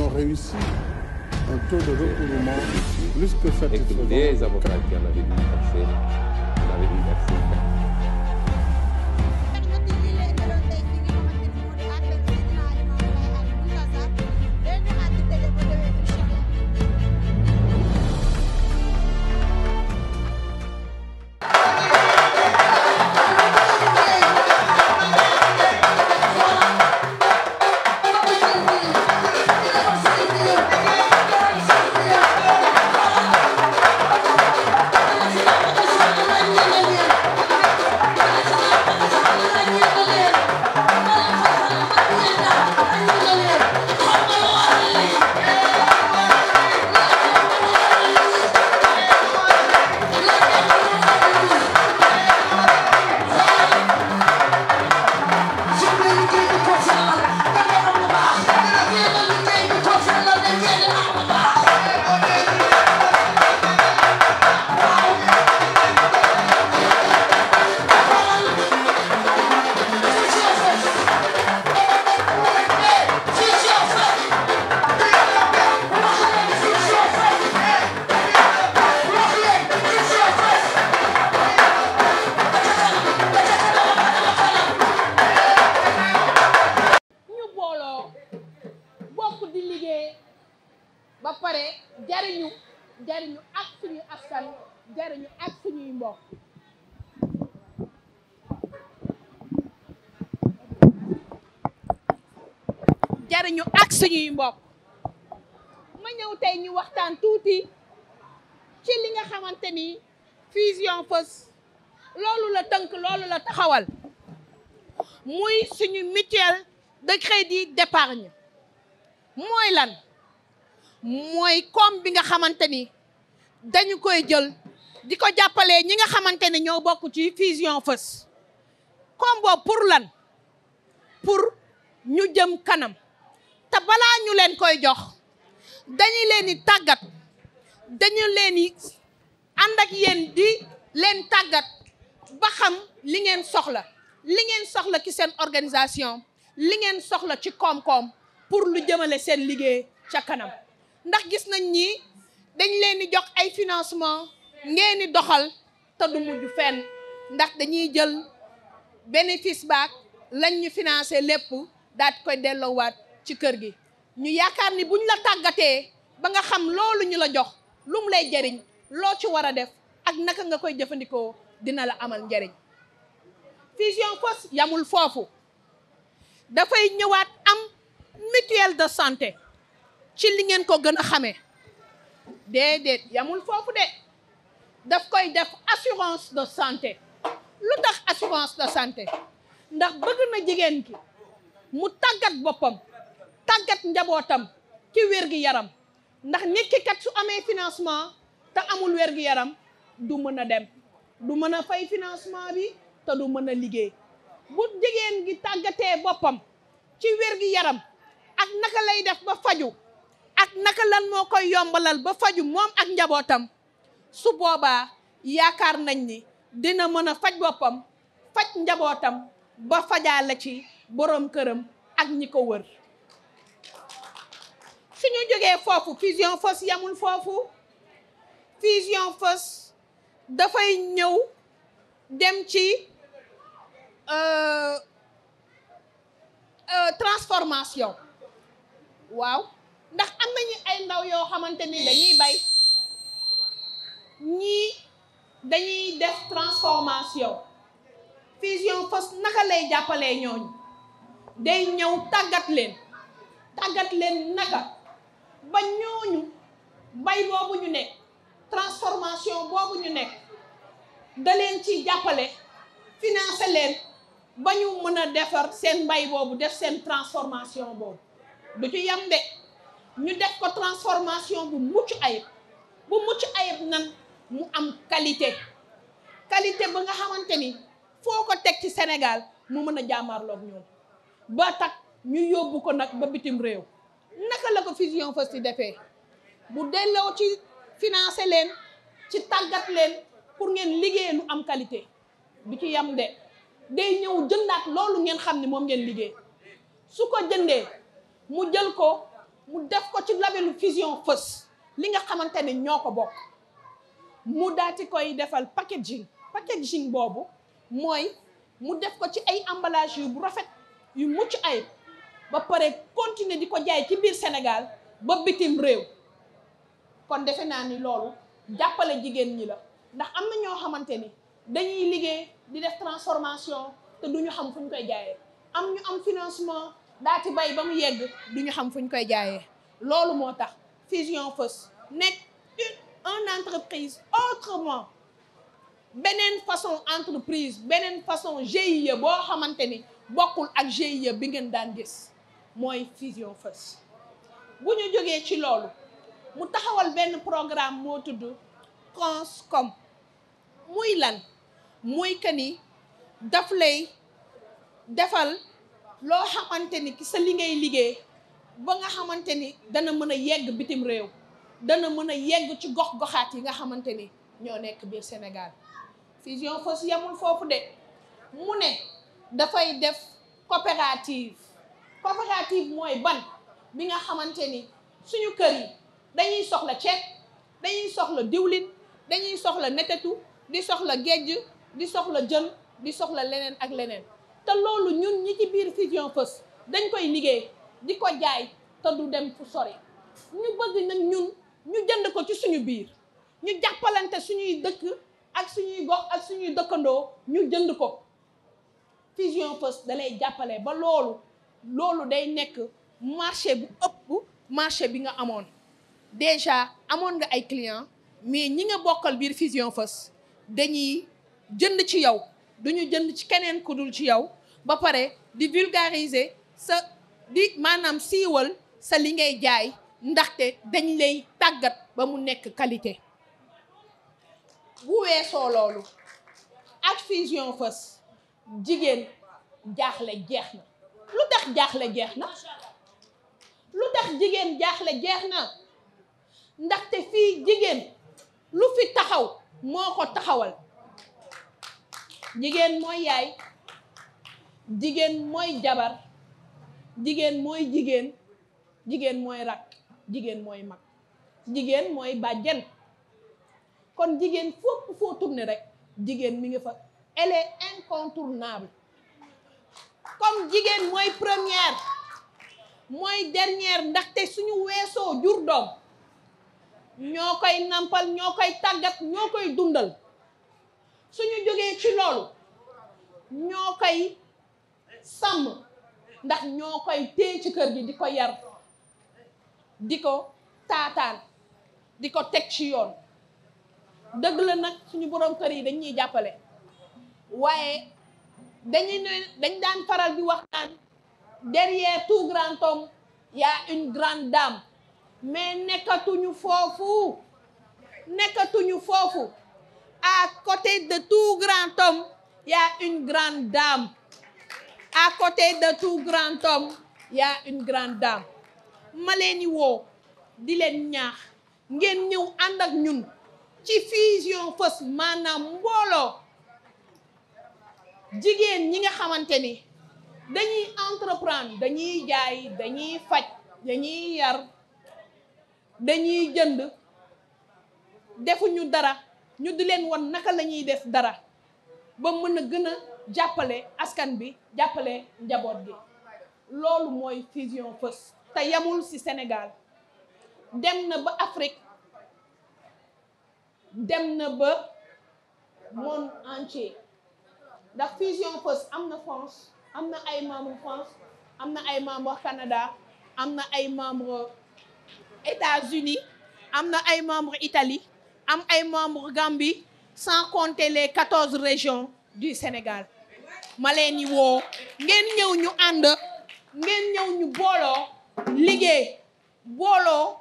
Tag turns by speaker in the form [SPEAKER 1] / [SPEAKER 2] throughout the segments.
[SPEAKER 1] qui ont réussi un de recouvrement plus que satisfaisant. que les avocats qui en avaient dû verser, en suñuy mbokk ma ñëw tey ñu waxtaan tuuti ci li nga xamante ni fusion fës loolu la tënk loolu la taxawal muy suñu mutuelle de crédit d'épargne mooy lan mooy koom bi nga xamante ni dañu koy jël di ko jàppale ñi nga xamante ni ñoo bokk ci fusion fës koom boobu pour lan pour ñu jëm kanam te balaa ñu leen koy jox dañu leen di tàggat dañu leen di ànd ak yéen di leen tàggat ba xam li ngeen soxla li ngeen soxla ci seen organisation li ngeen soxla ci koom-koom pour lu jëmale seen liggéey ca kanam ndax gis nañ ñi dañ leen di jox ay financement ngeen di doxal te du mujj fenn ndax dañuy jël bénéfice baak lañ ñu financé lépp daat koy delloowaat ci kër gi ñu yaakaar ni buñ la tàggatee ba nga xam loolu ñu la jox lum lay jariñ loo ci war a def ak naka nga koy jëfandikoo dina la amal njariñ fusion fos yamul foofu dafay ñëwaat am mutuelle de santé ci li ngeen ko gën a xamee déedéet yamul foofu de daf koy def assurance de santé lu ndax assurance de santé ndax bëgg na jigéen ki mu tàggat boppam tàggat njabootam ci wér-gi-yaram ndax nit kat su amee financement te amul wér yaram du mën a dem du mën a fay financement bi te du mën a liggéey bu jigéen gi tàggatee boppam ci wér-gi-yaram ak naka lay def ba faju ak naka lan moo koy yombalal ba faju moom ak njabootam su boobaa yaakaar nañ ni dina mën a faj boppam faj njabootam ba fajaale ci borom këram ak ñi ko wër ñu jóge foofu fusion fos yamul foofu fusion fos dafay ñëw dem ci euh, euh, transformation waaw ndax am nañu ay ndaw yoo xamante ni dañuy bay ñii dañuy def transformation fusion fos naka lay jàppale ñooñu day ñëw tàggat leen tàggat leen naka ba ñooñu mbay boobu ñu nekk transformation boobu ñu nekk da ci jàppale finance leen ba ñu mën a defar seen mbay boobu def seen transformation boobu du ci yam de ñu def ko transformation bu mucc ayib bu mucc ayib nan mu am qualité qualité ba nga xamante ni foo ko teg ci Sénégal mu mën a jàmmaarloog ñoom ba tax ñu yóbbu ko nag ba bitim réew naka la ko fusion fës di defee mu delloo ci financer leen ci tàggat leen pour ngeen liggéey lu am qualité bi ci yam de day ñëw jëndaat loolu ngeen xam ni moom ngeen liggéey su ko jëndee mu jël ko mu def ko ci labelu fusion fës li nga xamante ne ñoo ko bokk mu daati koy defal packaging packaging boobu mooy mu def ko ci ay emballage yu bu rafet yu mucc ayib ba pare continuer di ko jaay ci biir Sénégal ba bitim réew kon defe naa ni loolu jàppale jigéen ñi la ndax am na ñoo xamante ni dañuy liggéey di def transformation te du ñu xam fu ñu koy jaayee am ñu am financement ci bay ba mu yegg du ñu xam fu ñu koy jaayee loolu moo tax Fusion Feuss nekk une un entreprise autrement beneen façon entreprise beneen façon GIE boo xamante ni bokkul ak GIE bi ngeen daan gis mooy fusion fës bu ñu jógee ci loolu mu taxawal benn programme moo tudd conscom muy lan muy que ni daf lay defal loo xamante ni ki sa li ngay liggéey ba nga xamante ni dana mën a yegg bitim réew dana mën a yegg ci gox-goxaat yi nga xamante ni ñoo nekk biir Sénégal fusion fës yamul foofu de mu ne dafay def coopérative coopérative mooy ban bi nga xamante ni suñu kër yi dañuy soxla ceeb dañuy soxla diwlin dañuy soxla netetu di soxla géej di soxla jën di soxla leneen ak leneen te loolu ñun ñi ci biir Vision Fës dañ koy liggéey di ko jaay te du dem fu sori ñu bëgg ñu ñun ñu jënd ko ci suñu biir ñu jàppalante suñuy dëkk ak suñuy gox ak suñuy dëkkandoo ñu jënd ko Vision Fës da jàppale ba loolu loolu day nekk marché bu ëpp marché bi nga amoon déjà amoon nga ay clients mais ñi nga bokkal biir Vision Fast dañuy jënd ci yow duñu jënd ci keneen ku dul ci yow ba pare di vulgariser sa di maanaam siiwal sa li ngay jaay ndaxte dañ lay tàggat ba mu nekk qualité bu weesoo loolu ak Vision Fast jigéen jaaxle jeex na lu tax jaaxle jeex na lu tax jigéen jaaxle jeex na ndaxte fii jigéen lu fi taxaw moo ko taxawal jigéen mooy yaay jigéen mooy jabar jigéen mooy jigéen jigéen mooy rakk jigéen mooy mag jigéen mooy bàjjen kon jigéen fopp foo tourné rek jigéen mi ngi fa elle est incontournable comme jigéen mooy première mooy dernière ndaxte suñu weesoo jur doom ñoo koy nampal ñoo koy tàggat ñoo koy dundal suñu jógee ci loolu ñoo koy sàmm ndax ñoo koy téye ci kër gi di ko yar di ko taataan di ko teg ci yoon dëgg la nag suñu borom kër yi dañuy jàppale waaye dañuy ne dañ daan faral di wax naan derrière tout grand homme y a une grande dame mais nekkatuñu foofu nekkatuñu foofu à côté de tout grand homme y une grande dame à côté de tout grand homme y a une grande dame ma woo di ñaax ngeen ñëw ànd ak ñun ci fusion fës maanaam mbooloo jigéen ñi nga xamante ni dañuy entreprendre dañuy jaay dañuy faj dañuy yar dañuy jënd defuñu dara ñu di leen won naka lañuy des dara ba mën a gën a jàppale askan bi jàppale njaboot gi loolu mooy Vision Fës te yamul ci Sénégal dem na ba Afrique dem na ba monde entier ndax fusion post am na France am na ay membre France am na ay membre Canada am na ay membre États-Unis am na ay membre itali am ay membre Gambie sans compter les quatorze régions du Sénégal ma leen ñi woo ngeen ñëw ñu ànd ngeen ñëw ñu booloo liggéey booloo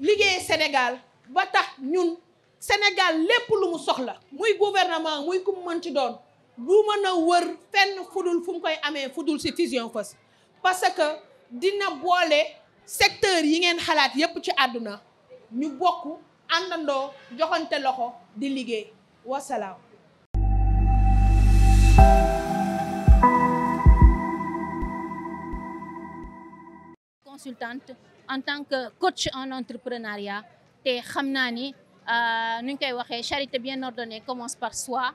[SPEAKER 1] liggéey Sénégal ba tax ñun Sénégal lépp lu mu soxla muy gouvernement muy ku mu mën ci doon bu mën a wër fenn fudul fum koy amee fudul si fusion fës parce que dina boole secteur yi ngeen xalaat yépp ci àdduna ñu bokk àndandoo joxante loxo di liggéey wasalaam
[SPEAKER 2] consultante en tant que coach en entrepreneuriat te xam naa ni euh, nu ñu koy waxee charité bien ordonnée commence par soi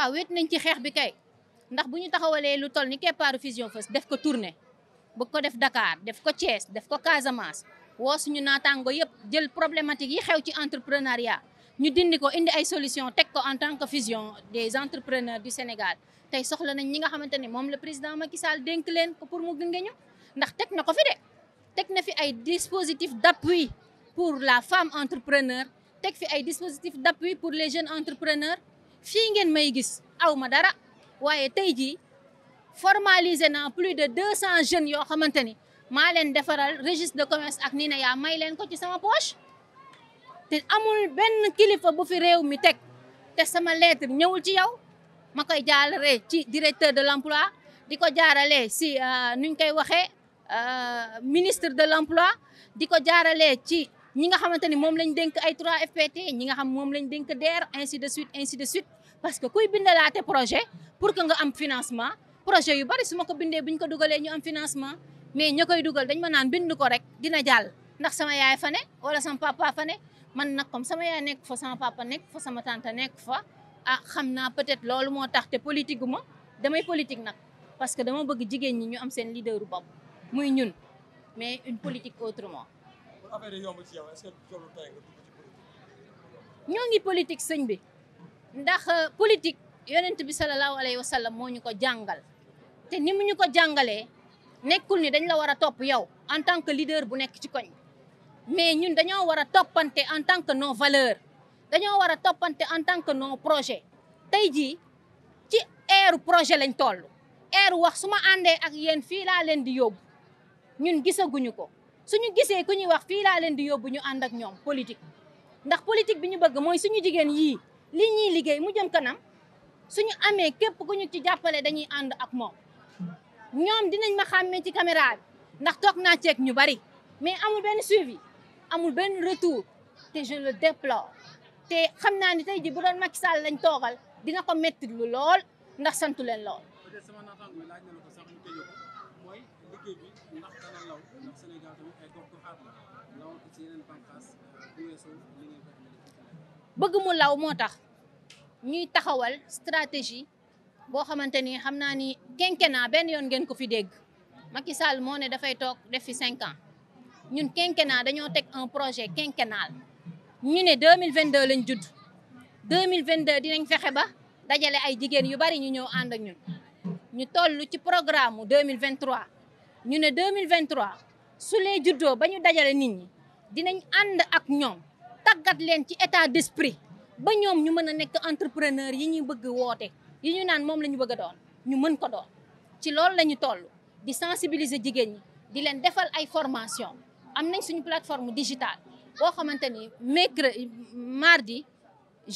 [SPEAKER 2] waaw ah, wet nañ ci xeex bi kay ndax bu ñu taxawalee lu toll ni keppaaru Vision Fast def ko tournée bëgg ko def Dakar def ko Thiès def ko Casamance woo suñu naataango yëpp jël problématique yi xew ci entrepreneuriat ñu dindi ko indi ay solution teg ko en tant que vision des entrepreneurs du Sénégal tey soxla nañ ñi nga xamante ne moom la président Macky Sall dénk leen ko pour mu gunge ñu ndax teg na ko fi de teg na fi ay dispositif d'appui pour la femme entrepreneur teg fi ay dispositif d'appui pour les jeunes entrepreneurs fii ngeen may gis aw ma dara waaye tey jii formaliser naa plus de deux cent jeunes yoo xamante ni maa leen defaral registre de commerce ak nii yaa may leen ko ci sama poche te amul benn kilifa bu fi réew mi teg te sama lettre ñëwul ci yow ma koy jaarale ci directeur de l'emploi di ko jaarale si euh, nuñ koy waxee euh, ministre de l'emploi di ko jaaralee ci ñi nga xamante ni moom lañ dénk ay 3FPT ñi xam moom lañ dénk DER ainsi de suite ainsi de suite parce que kuy bindalaate projet pour que nga am financement projet yu bari su ma ko bindee bu ñu ko dugalee ñu am financement mais ña koy dugal dañ ma naan bind ko rek dina jàll ndax sama yaay fa ne wala sama papa fa ne man nag kom sama yaay nekk fa sama papa nekk fa sama tante nekk fa a ah, xam naa peut-être loolu moo tax te politique ma damay politique nag parce que dama bëgg jigéen ñi ñu am seen leader bu bopp ñun mais une politique autrement affaire yi yomb ci ñoo ngi politique sëñ bi ndax euh, politique yonent bi salallaahu alayhi wa sallam moo ñu ko jàngal te ni mu ñu ko jàngalee nekkul ni dañ la war a topp yow en tant que leader bu nekk ci koñ mais ñun dañoo war a toppante en tant que nos valeur dañoo war a toppante en tant que nos projet tey jii ci eeru projet lañ toll. eeru wax su ma àndee ak yéen fii laa leen di yóbbu ñun gisaguñu ko. suñu gisee ku ñuy wax fii laa leen di yóbbu ñu ànd ak ñoom politique ndax politique bi ñu bëgg mooy suñu jigéen yii li ñuy liggéey mu jëm kanam suñu amee képp ku ñu ci jàppale dañuy ànd ak moom ñoom dinañ ma xàmmee ci caméra ndax toog naa ceeg ñu bari mais amul benn suivi amul benn retour te je le déplore te xam naa ni tey ji bu doon Macky Sall lañ toogal dina ko métti lu lool ndax santu leen lool bëgg mu law moo tax ñuy taxawal stratégie boo xamante ni xam naa ni naa benn yoon ngeen ko fi dégg Macky Sall moo ne dafay toog def fi cinq ans ñun naa dañoo teg un projet naa quinquennal ñu ne 2022 lañ judd 2022 dinañ fexe ba dajale ay jigéen yu bari ñu ñëw ànd ak ñun ñu toll ci programme mu 2023 ñu ne 2023 su lee juddoo ba ñu dajale nit ñi dinañ ànd ak ñoom tàggat leen ci état d'esprit ba ñoom ñu mën a nekk entrepreneur yi ñuy bëgg woote yi ñu naan moom la ñu bëgg a doon ñu mën ko doon ci loolu la ñu toll di sensibiliser jigéen ñi di leen defal ay formation am nañ suñu plateforme digitale boo xamante ni mercredi mardi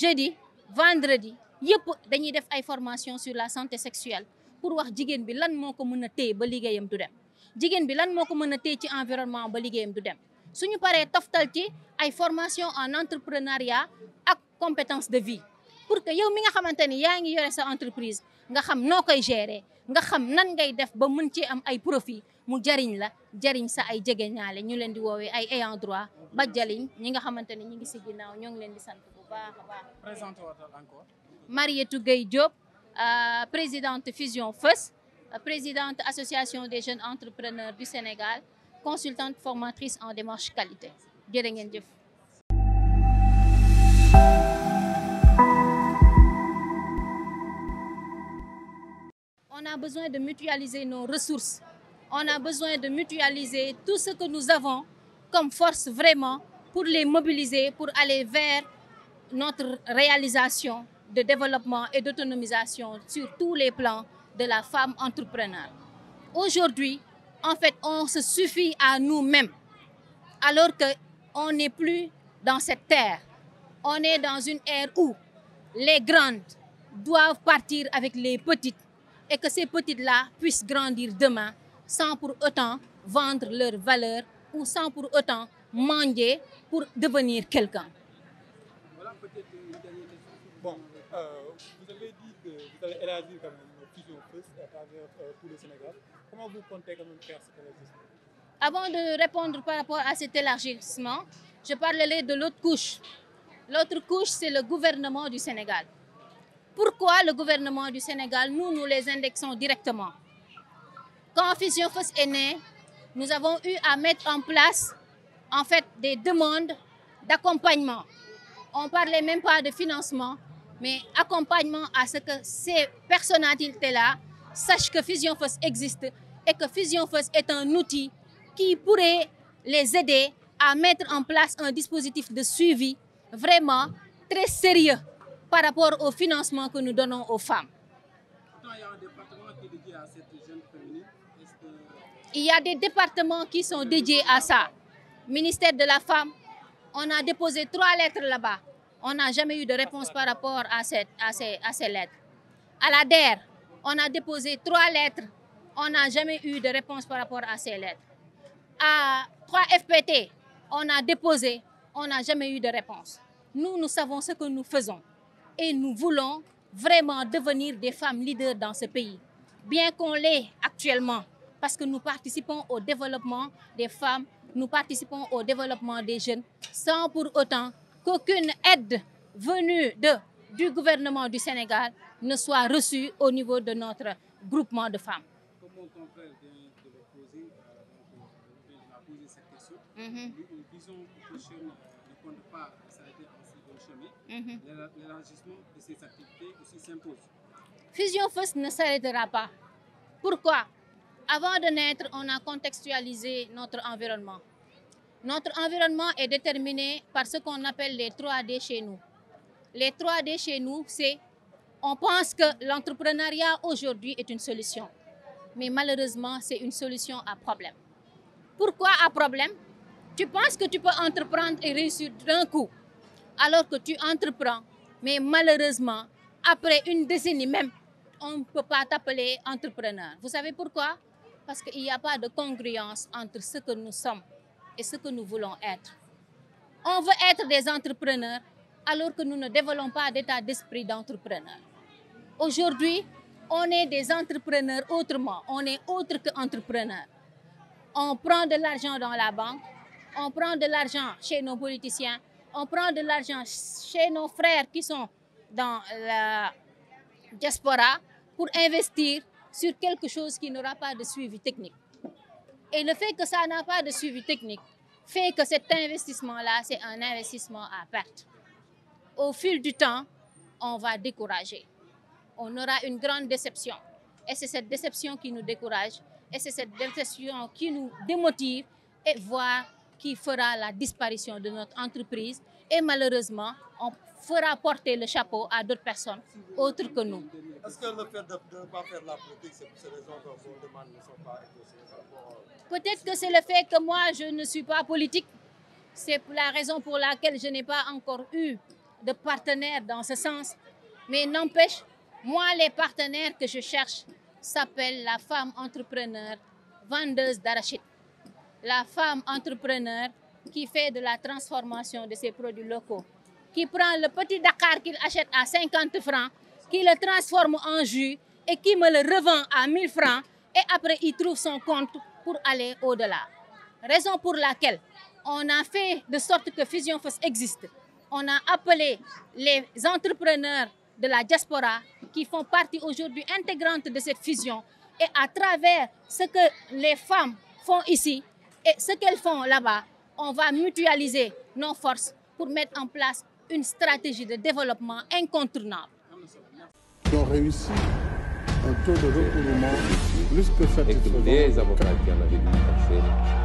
[SPEAKER 2] jeudi vendredi yëpp dañuy def ay formation sur la santé sexuelle pour wax jigéen bi lan moo ko mën a téye ba liggéeyam du dem jigéen bi lan moo ko mën a téye ci environnement ba liggéeyam du dem suñu paree toftal ci ay formation en entrepreneuriat ak compétence de vie pour que yow mi nga xamante ni yaa ngi yore sa entreprise nga xam noo koy gérer nga xam nan ngay def ba mën ci am ay profit mu jariñ la jariñ sa ay jegeñaale ñu leen di woowee ay ayant droit ba jaliñ ñi nga xamante ni ñu ngi si ginnaaw ñoo ngi leen di sant bu baax a baax. présenté watal encore. Marietou euh, présidente Fusion Fës euh, présidente association des jeunes entrepreneurs du Sénégal. consultante formatrice en démarche qualité jërë ngeen jëf on a besoin de mutualiser nos ressources. On a besoin de mutualiser tout ce que nous avons comme force vraiment pour les mobiliser, pour aller vers notre réalisation de développement et d'autonomisation sur tous les plans de la femme entrepreneur. Aujourd'hui, en fait, on se suffit à nous-mêmes. Alors qu'on n'est plus dans cette terre. On est dans une ère où les grandes doivent partir avec les petites et que ces petites-là puissent grandir demain sans pour autant vendre leur valeur ou sans pour autant mendier pour devenir quelqu'un.
[SPEAKER 1] Voilà peut-être Comment vous comptez quand même faire cet élargissement
[SPEAKER 2] Avant de répondre par rapport à cet élargissement, je parlerai de l'autre couche. L'autre couche, c'est le gouvernement du Sénégal. Pourquoi le gouvernement du Sénégal Nous, nous les indexons directement. Quand Fusion Fos est née, nous avons eu à mettre en place en fait des demandes d'accompagnement. On ne parlait même pas de financement, mais accompagnement à ce que ces personnalités-là sachent que Fusion Fos existe et que Fusion First est un outil qui pourrait les aider à mettre en place un dispositif de suivi vraiment très sérieux par rapport au financement que nous donnons aux femmes. Il y a des départements qui sont dédiés à ça. Ministère de la Femme, on a déposé trois lettres là-bas. On n'a jamais eu de réponse par rapport à, cette, à, ces, à lettres. À la DER, on a déposé trois lettres on n'a jamais eu de réponse par rapport à ces lettres. À 3FPT, on a déposé, on n'a jamais eu de réponse. Nous, nous savons ce que nous faisons et nous voulons vraiment devenir des femmes leaders dans ce pays, bien qu'on l'ait actuellement, parce que nous participons au développement des femmes, nous participons au développement des jeunes, sans pour autant qu'aucune aide venue de, du gouvernement du Sénégal ne soit reçue au niveau de notre groupement de femmes. au contraire de, de le poser, euh, donc, euh, de mm-hmm. euh, mm-hmm. de ses activités aussi s'impose. Fusion First ne s'arrêtera pas. Pourquoi Avant de naître, on a contextualisé notre environnement. Notre environnement est déterminé par ce qu'on appelle les 3D chez nous. Les 3D chez nous, c'est on pense que l'entrepreneuriat aujourd'hui est une solution. mais malheureusement, c'est une solution à problème. Pourquoi à problème Tu penses que tu peux entreprendre et réussir d'un coup, alors que tu entreprends, mais malheureusement, après une décennie même, on ne peut pas t'appeler entrepreneur. Vous savez pourquoi Parce qu'il n'y a pas de congruence entre ce que nous sommes et ce que nous voulons être. On veut être des entrepreneurs alors que nous ne développons pas d'état d'esprit d'entrepreneur. Aujourd'hui, On est des entrepreneurs autrement, on est autre qu'entrepreneurs. On prend de l'argent dans la banque, on prend de l'argent chez nos politiciens, on prend de l'argent chez nos frères qui dans la diaspora pour investir sur quelque chose qui n'aura pas de suivi technique. Et le fait que ça n'a pas de suivi technique fait que cet investissement-là, c'est un investissement à perte. Au fil du temps, on va décourager. on aura une grande déception. Et c'est cette déception qui nous décourage, et c'est cette déception qui nous démotive, et voire qui fera la disparition de notre entreprise. Et malheureusement, on fera porter le chapeau à d'autres personnes autres que nous. Est-ce que le Peut-être que c'est le fait que moi, je ne suis pas politique. C'est la raison pour laquelle je n'ai pas encore eu de partenaire dans ce sens. Mais n'empêche, Moi, les partenaires que je cherche s'appellent la femme entrepreneur, vendeuse d'arachide. La femme entrepreneur qui fait de la transformation de ses produits locaux, qui prend le petit Dakar qu'il achète à 50 francs, qui le transforme en jus et qui me le revend à et après il trouve son pour aller au-delà. Raison pour laquelle on a fait de sorte que Fusion Force existe. On a appelé les entrepreneurs de la diaspora qui font partie aujourd'hui intégrante de cette fusion. Et à travers ce que les femmes font ici et ce qu'elles font là on va mutualiser nos forces pour mettre en place une stratégie de développement incontournable.
[SPEAKER 1] Ils ont